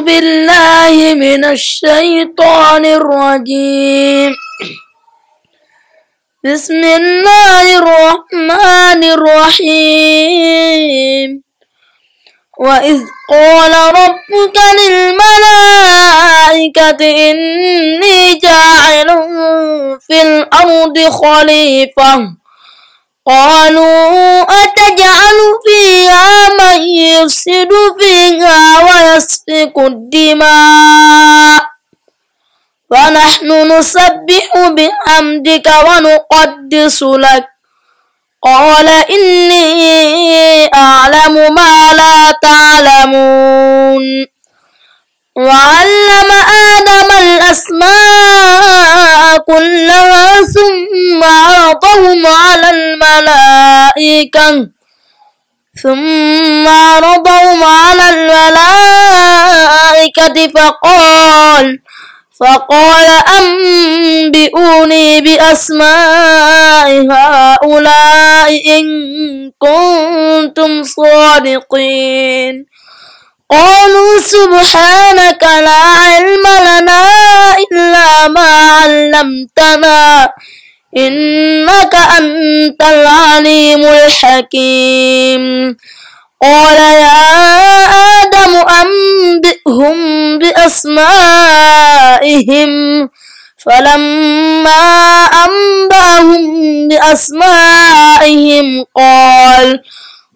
بالله من الشيطان الرجيم بسم الله الرحمن الرحيم وإذ قال ربك للملائكة إني جاعل في الأرض خليفة قالوا أتجعل فيها من يفسد فيها ويسفك الدماء ونحن نسبح بحمدك ونقدس لك قال إني أعلم ما لا تعلمون وعلم آدم الأسماء كلها ثم عرضهم على الملائكة ثم عرضهم على الملائكة فقال فقال أنبئوني بأسماء هؤلاء إن كنتم صادقين قالوا سبحانك لا علم لنا إلا ما علمتنا إنك أنت العليم الحكيم قال يا آدم أنبئهم بأسمائهم فلما أنبأهم بأسمائهم قال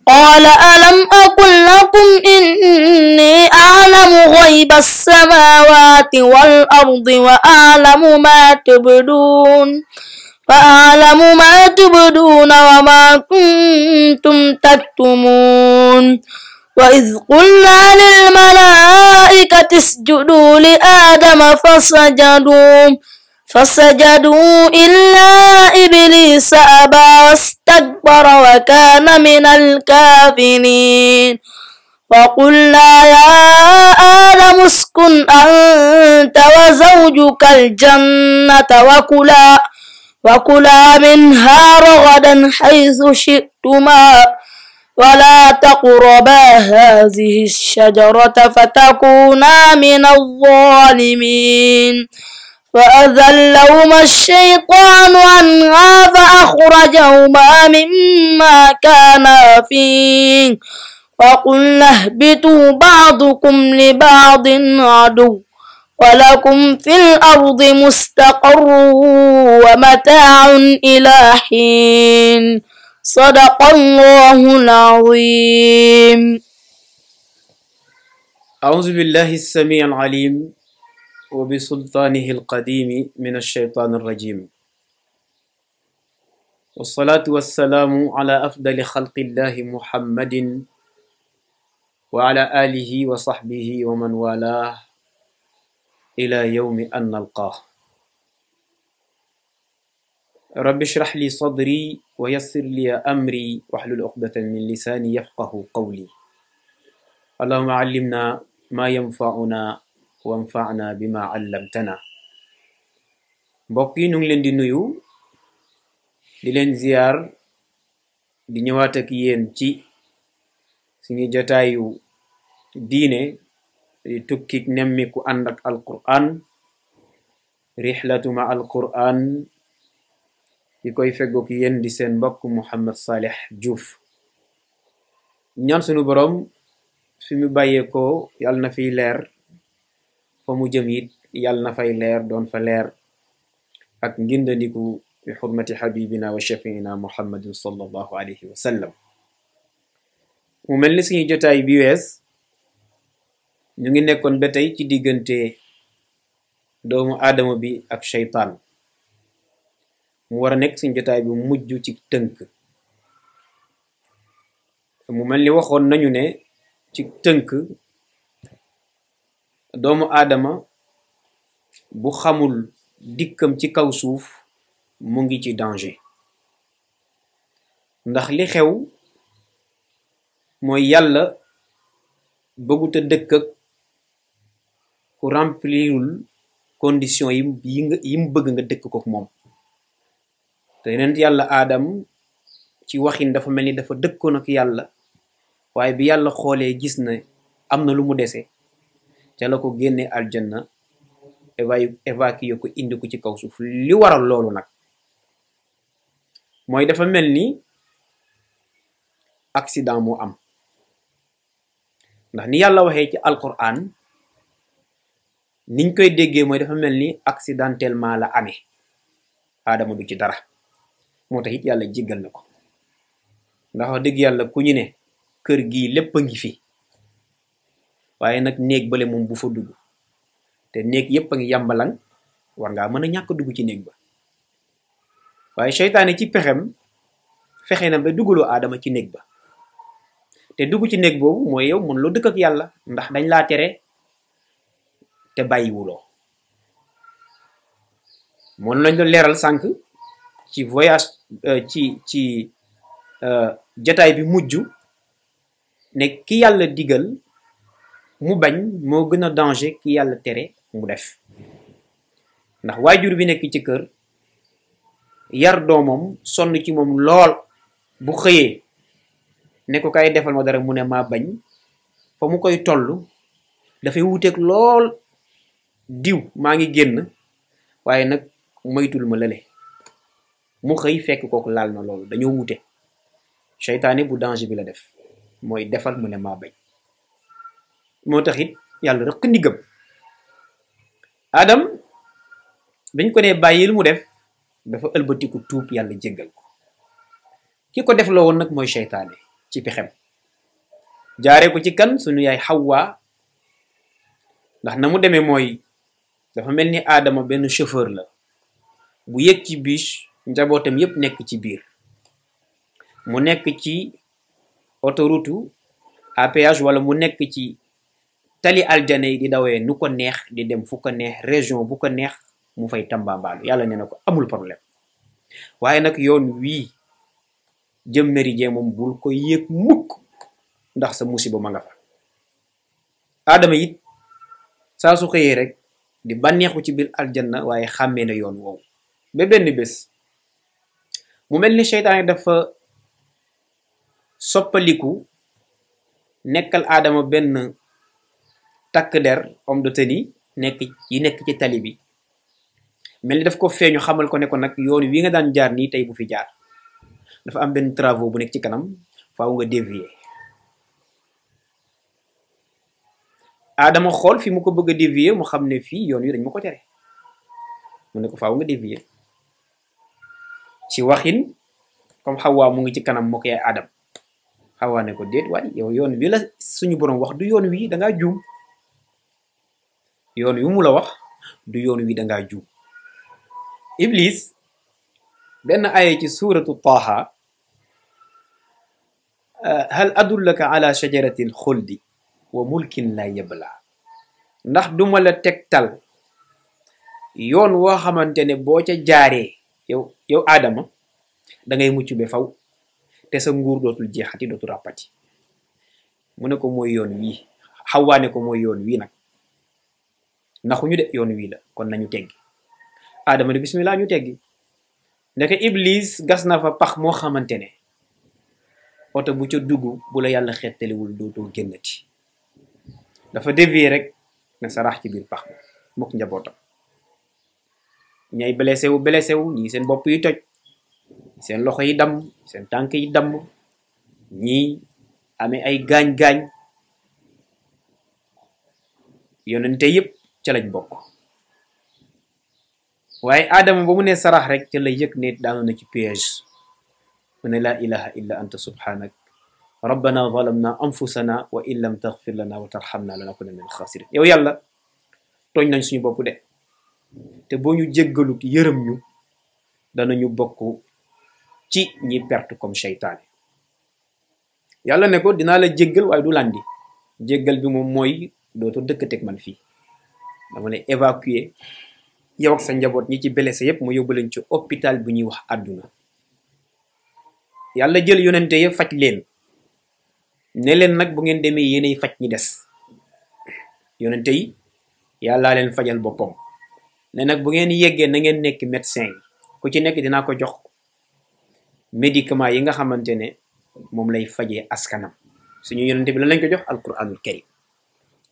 قال ألم أقل لكم إني أعلم غيب السماوات والأرض وأعلم ما تبدون فأعلم ما تبدون وما كنتم تكتمون وإذ قلنا للملائكة اسجدوا لآدم فسجدوا فسجدوا إلا إبليس أبى واستكبر وكان من الكافرين وقلنا يا آدم اسكن أنت وزوجك الجنة وكلا وكلا منها رغدا حيث شئتما ولا تقربا هذه الشجرة فتكونا من الظالمين فأذلهما الشيطان عنها فأخرجهما مما كانا فيه وقلنا اهبطوا بعضكم لبعض عدو ولكم في الأرض مستقر ومتاع إلى حين صدق الله العظيم أعوذ بالله السميع العليم وبسلطانه القديم من الشيطان الرجيم والصلاة والسلام على أفضل خلق الله محمد وعلى آله وصحبه ومن والاه إلى يوم أن نلقاه رب اشرح لي صدري ويسر لي أمري واحلل عقدة من لساني يفقه قولي اللهم علمنا ما ينفعنا wanfana bima allamtana mbokk yi ñu ngi leen di nuyu di leen ziyaar di ñëwaat ak yéen ci suñu jotaayu diine di tukkik nemmiku ànd ak alquran rixlatu ma alquran di koy feggook yéen di seen mbokk Mouhamed Saleh Diouf ñaan sunu boroom fi mu bàyyee ko yàlla leer fa mu jëm it yàlla na fay leer doon fa leer ak ngindandiku bi xurmati xabibina wa shafiina muhammadin mu mel ni suñu jotaay bi wees ñu ngi nekkoon ba tey ci diggante doomu aadama bi ak shaytaan mu war a nekk suñu jotaay bi mujj ci tënk mu mel ni waxoon nañu ne ci tënk doomu aadama bu xamul dikkam ci kaw suuf mu ngi ci danger ndax li xew mooy yàlla bëggut a dëkk ku remplirul condition yi mu bëgg nga dëkk ko moom te yeneen yàlla aadam ci waxin dafa mel ni dafa dëkkoon ak yàlla waaye bi yàlla xoolee gis na am na lu mu desee ca la ko génne aljanna évacué ko indi ko ci kaw suuf li waral loolu nag mooy dafa mel ni accident moo am ndax ni yàlla waxee ci alquran niñ koy déggee mooy dafa mel ni accidentellement la amee aadama du ci dara moo taxit yàlla jéggal na ko ndax wax dëgg yàlla ku ñu ne kër gii lépp a ngi fi waaye nag néeg bale moom bu fa dugg te néeg yépp a ngi yàmbalang war ngaa mën a ñàkk dugg ci néeg ba waaye seytaane ci pexem fexe na ba dugaloo aadama ci néeg ba te dugg ci néeg boobu mooy yow mën loo dëkk ak yàlla ndax dañ laa tere te bàyyiwuloo mën nañ la leeral sànq ci voyage euh, ci ci euh, jataay bi mujj ne ki yàlla digal mu bañ moo gën danger ki yalla téré mu def ndax wajur bi nek ci kër yar doomam son ci mom lool bu xëyee ne ko kay defal mo dara mu ne ma bañ fa mu koy toll dafay wuuteeg lool diw ma ngi génn waaye nak moytul ma lële mu xëy fekk kooku laal na loolu dañoo wuté seytaane bu danger bi la def moy defal mu ne ma bañ moo taxit yàlla rëq ndiggam adam biñ ko bàyyil mu def dafa ëlbatiku tuub yàlla jéggal ko ki ko def loo woon nag mooy seytaane ci pexem jaaree ko ci kan suñu yaay xawwa ndax na mu demee mooy dafa mel ni aadama benn chauffeur la bu yëg ci biis njabootam yépp nekk ci biir mu nekk ci autoroute à wala mu nekk ci tali aljana yi di dawee nu ko neex di dem fu ko neex région bu ko neex mu fay tambambaalu yàlla ne na ko amul problème waaye nag yoon wii jëm méridien moom bul ko yéeg mukk ndax sa musiba ma nga fa aadama it saa su xëyee rek di bànneexu ci biir aljanna waaye xàmmee na yoon woowu ba benn bés mu mel ni seytaane dafa soppaliku nekkal aadama benn Tak der om de tenue nekk yi nekk ci tali bi mel ni daf ko feeñu xamal ko ne ko nag yoon wi nga daan jaar nii tey bu fi jaar dafa am benn travaux bu nekk ci kanam faaw nga dévier adama xool fi mu ko bëgg dévier mu xam ne fii yoon wi dañ ma ko tere mu ne ko faaw nga dévier ci waxin comme xawaa mu ngi ci kanam moo adam Hawa ne ko déet waay yow yoon wi la suñu borom wax du yoon wi da ngaa juum yoon yu mu la wax du yoon wi danga juub iblis benn aaya ci suuratu taaha hal adullaka ala shajaratil xuldi wa mulkin la yabla ndax duma la tegtal yoon woo xamante ne boo ca jaaree yow yow aadama da mucc be faw te sa nguur dootul jeexati dootul ràppati mu ne ko mooy yoon wii xawaa ne ko mooy yoon wii nag naxuñu de yoon wii la kon nañu teggi aadama ne bismillah ñu teggi ndeke iblis gas na fa pax moo xamante ne oto bu ca dugg bu la yàlla xettaliwul dootoo génnati dafa dévier rek na sarax ci biir pax ma njabootam ñay blessé wu blessé ñii seen bopp yi toj seen loxo yi damm seen tànk yi damm ñii ame ay gaañ-gaañ yonente yëpp ca lañ bokk waaye aadama ba mu ne sarax rek ca la yëg ne daanu na ci piège mu ne laa ilaha illa anta subhanak rabbana zalamna anfusana wa in lam taghfir lana wa tarhamna lanakuna min alxaasirin yow yàlla tooñ nañ suñu bopp de te boo ñu jéggalut yërëm ñu danañu bokk ci ñi perte comme seytaane yàlla ne ko dinaa la jéggal waaye du landi jéggal bi moom mooy dootoo dëkkateeg man fii dama ne évacuer yow ak sa njaboot ñi ci blessé yépp mu yóbbu leen ci hôpital bu ñuy wax àdduna yàlla jël yonente ya faj leen ne leen nag bu ngeen demee yéenay faj ñi des yonente yi yàlla leen fajal boppam ne nag bu ngeen yeggee na ngeen nekk médecin yi ku ci nekk dinaa ko jox médicament yi nga xamante ne moom lay fajee askanam suñu yonente bi lan lañ ko jox alquranul karim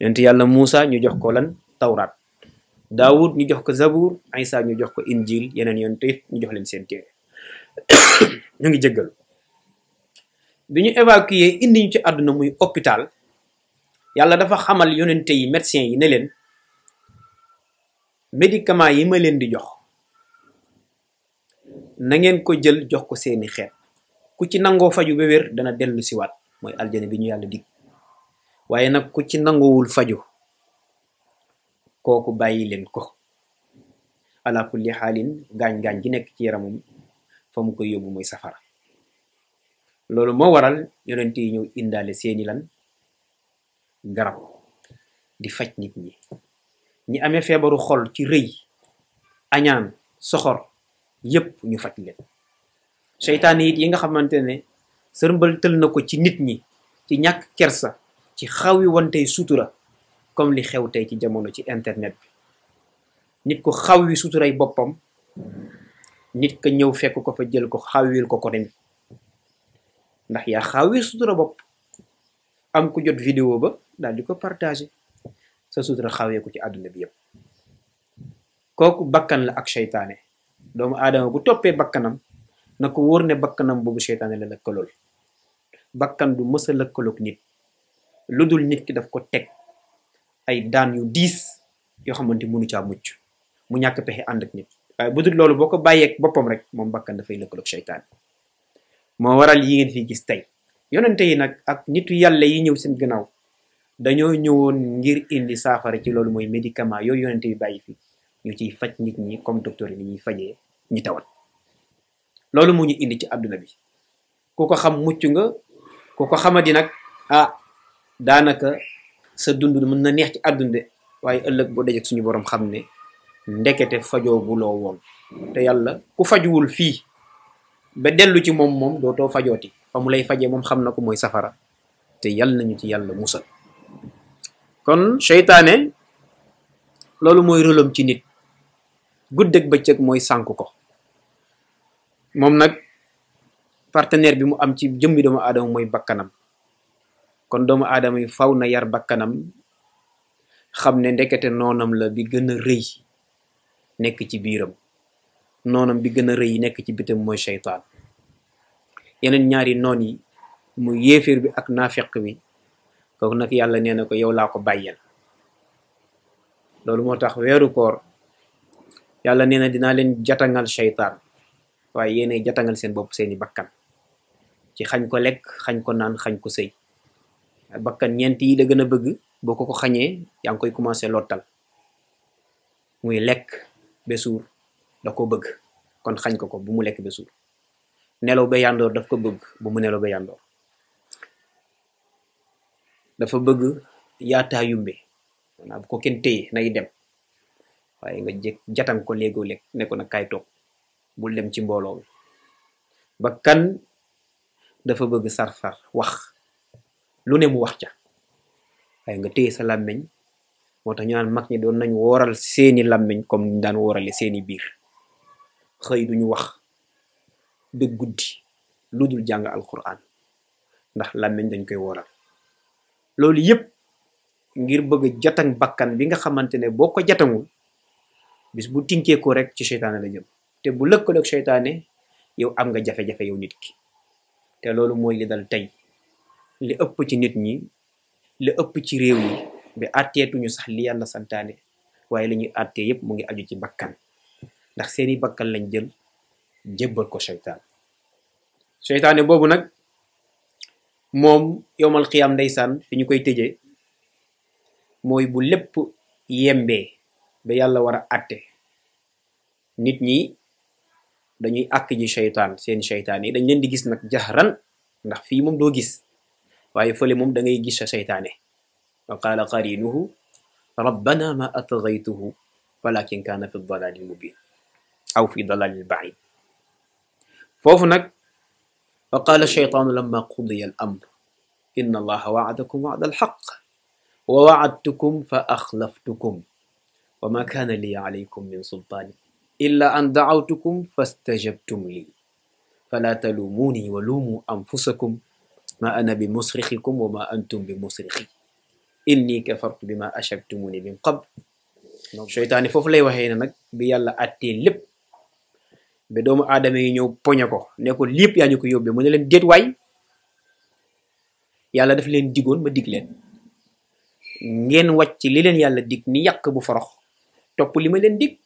yonente yàlla musa ñu jox ko lan tawraat daawud ñu jox ko zabur isa ñu jox ko injil yeneen yoon te ñu jox leen seen téere ñu ngi jéggalu bi ñu évacué indi ñu ci àdduna muy hôpital yàlla dafa xamal yonente yi médecin yi ne leen médicament yi ma leen di jox na ngeen ko jël jox ko seeni xeet ku ci nangoo faju ba dana dellu siwaat mooy aljana bi ñu yàlla dig waaye nag ku ci nangoowul faju kooku bàyyi leen ko ala kulli xaalin gaañ-gaañ gi nekk ci yaramam fa mu koy yóbbu mooy safara loolu moo waral yonent yi ñëw indaale seeni lan garab di faj nit ñi ñi amee feebaru xol ci rëy añaan soxor yépp ñu faj leen seytaane it yi nga xamante ne sërmbal na ko ci nit ñi ci ñàkk kersa ci xawi wantey sutura comme li xew tey ci jamono ci internet bi nit ku xaw wi suturay boppam nit ka ñëw fekk ko fa jël ko xawil ko ko tamit ndax yaa xaw yi sutura bopp am ku jot vidéo ba daal di ko partagé sa sutura xawee ko ci àdduna bi yëpp kooku bakkan la ak seytaane doomu aadama bu toppee bakkanam na ku wóor ne bakkanam boobu seytaane la lëkkalool bakkan du mës lëkkalook lëkkaloog nit lu dul nit ki daf ko teg ay daan yu diis yoo xamante munu caa mucc mu ñàkk pexe ànd ak nit waaye bu dul loolu boo ko bàyyeeg boppam rek moom bakkan dafay lëkkaloog cheytaan moo waral yi ngeen fi gis tey yonente yi nag ak nitu yàlla yi ñëw seen gannaaw dañoo ñëwoon ngir indi saafara ci loolu mooy médicament yooyu yonente yi bàyyi fi ñu ciy faj nit ñi comme docteur yi ni ñuy fajee ñi tawat loolu mu ñu indi ci àdduna bi ku ko xam mucc nga ku xamadi nag ah daanaka sa dund mën na neex ci àdduna de waaye ëllëg boo dajeg suñu boroom xam ne ndekete fajoo bu woon te yàlla ku fajuwul fii ba dellu ci moom moom dootoo fajooti fa mu lay fajee moom xam na ko mooy safara te yàlla nañu ci yàlla musal kon seytaane loolu mooy rëlam ci nit guddeeg bëccëg mooy sànk ko moom nag partenaire bi mu am ci jëmmi doomu aadama mooy bakkanam kon doomu aadama yi faw na yar bakkanam xam ne ndekete noonam la bi gën a rëy nekk ci biiram noonam bi gën a rëy nekk ci bitam mooy seytaan yeneen ñaari noon yi mu yéeféer bi ak naafiq bi kooku nag yàlla nee na ko yow laa ko bàyyel loolu moo tax weeru koor yàlla nee na dinaa leen jatangal seytaan waaye yéene jatangal seen bopp seeni bakkan ci xañ ko lekk xañ ko naan xañ ko sëy bakkan ñeent yi da gën a bëgg boo ko ko xañee yaa ngi koy commencé lottal muy lekk ba da ko bëgg kon xañ ko ko bu mu lekk ba nelaw ba yandoor daf ko bëgg bu mu nelaw ba dafa bëgg yaataa yumbe bu ko kenn téye nay dem waaye nga jëkk jatan ko léegoo lekk ne ko nag kaay toog bul dem ci mbooloo bi bakkan dafa bëgg sar-sar wax lu ne mu wax ca waaye nga téye sa làmmeñ moo tax ñu naan mag ñi doon nañ wooral seeni làmmeñ comme ñu daan woorale seeni biir xëy duñu wax ba guddi lu dul jàng alquran ndax làmmiñ dañ koy wooral loolu yépp ngir bëgg jatan bakkan bi nga xamante ne boo ko jatangul bis bu tinkee ko rek ci seytaane la jëm te bu lëkkaloog seytaane yow am nga jafe-jafe yow nit ki te loolu mooy li dal tey Le ëpp ci nit ñi li ëpp ci réew yi bi atteetuñu sax li yàlla santaane waaye li ñuy attee yépp mu ngi aju ci bakkan ndax seeni bakkan lañ jël jébbal ko shaytaan shaytaane boobu nag moom yowmal qiyam ndeysaan fi ñu koy tëjee mooy bu lépp yembee ba yàlla war a atte nit ñi dañuy àkk ji shaytaan seen shaytaan yi dañ leen di gis nag jahran ndax fii moom doo gis waye fele mom da ngay gis وقال قرينه ربنا ما اطغيته ولكن كان في الضلال المبين او في ضلال البعيد فوفو وقال الشيطان لما قضي الامر ان الله وعدكم وعد الحق ووعدتكم فاخلفتكم وما كان لي عليكم من سلطان الا ان دعوتكم فاستجبتم لي فلا تلوموني ولوموا انفسكم ma ana bi musrixikum wa ma antum bi musrixi inni kafartu bi ma ashaktumuni min qabl seytaane foofu lay waxee ne nag bi yàlla àttee lépp ba doomu aadama yi ñëw poñe ko ne ko lépp yaa ñu ko yóbbee mu ne leen déet waay yàlla daf leen digoon ma dig leen ngeen wàcc li leen yàlla digg ni yàq bu forox topp li ma leen dig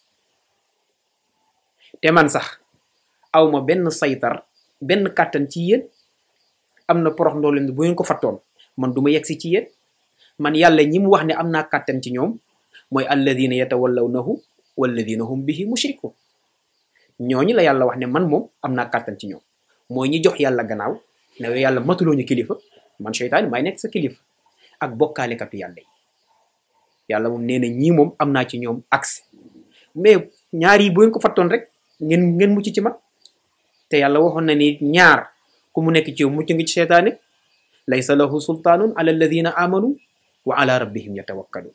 te man sax awma benn saytar benn kàttan ci yéen am na porox ndoo leen bu ngeen ko fattoon man du ma yegg si ci yéen man yàlla ñi mu wax ne am naa kàttan ci ñoom mooy alladina yatawallawnahu walladina hum bihi mushrikun ñooñu la yàlla wax ne man moom am na kàttan ci ñoom mooy ñi jox yàlla gannaaw ne yàlla matuloo ñu kilifa man seytaane may nekk sa kilifa ak bokkaalekatu yàlla yi yàlla moom nee na moom am naa ci ñoom accès mais ñaar yi bu ko fattoon rek ngeen ngeen mucc ci man te yàlla waxoon na ni ku mu nekk ci yow mucc ngi ci seytaane laysa lahu sultaanun ala alladina amanu wa ala rabbihim yatawakkalun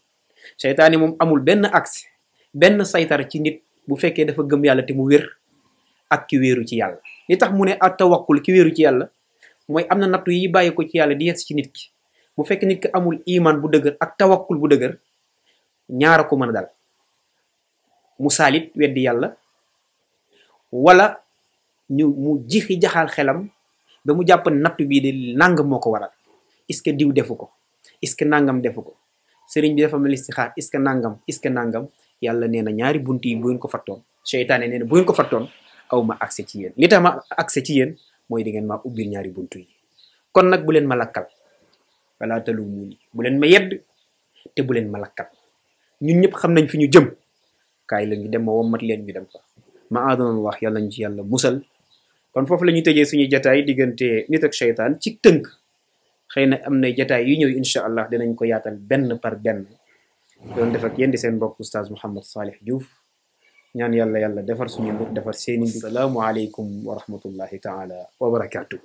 seytaane moom amul benn accès benn saytar ci nit bu fekkee dafa gëm yàlla te mu wér ak ki wéeru ci yàlla li tax mu ne a tawakkul ki wéeru ci yàlla mooy am na nattu yi bàyyi ci yàlla di yes ci nit ki bu fekkee nit ki amul iman bu dëgër ak tawakkul bu dëgër ñaara ko mën a mu saalit weddi yàlla wala ñu mu jixi jaxal xelam ba mu jàpp natt bii de nangam moo ko waral est-ce que diw defu ko est que nangam defu ko sëriñ bi dafa mel istixaar est-ce que nangam est-ce nangam yàlla nee na ñaari bunt yi bu ngeen ko fattoon seytaane nee na bu ngeen ko fattoon aw ma accès ci yéen li tax ma ci yéen mooy di ngeen maa ubbil ñaari bunt yi kon nag bu leen ma lakkal wala talu muuni bu leen ma yedd te bu leen ma lakkal ñun ñëpp xam nañ fi ñu jëm kaay la ñu dem ma mat leen ñu dem fa ma adonoon wax yàlla ñu ci yàlla musal kon foofu la ñuy tëjee suñuy jataay diggante nit ak seytaan ci tënk xëy na am na jataay yi ñëw incha allah dinañ ko yaatal benn par benn doon def ak di seen mbokk oustaz Mouhamed Salih Diouf ñaan yàlla yàlla defar suñu mbir defar seeni mbir salaamu aleykum wa rahmatullahi taala wa barakaatu.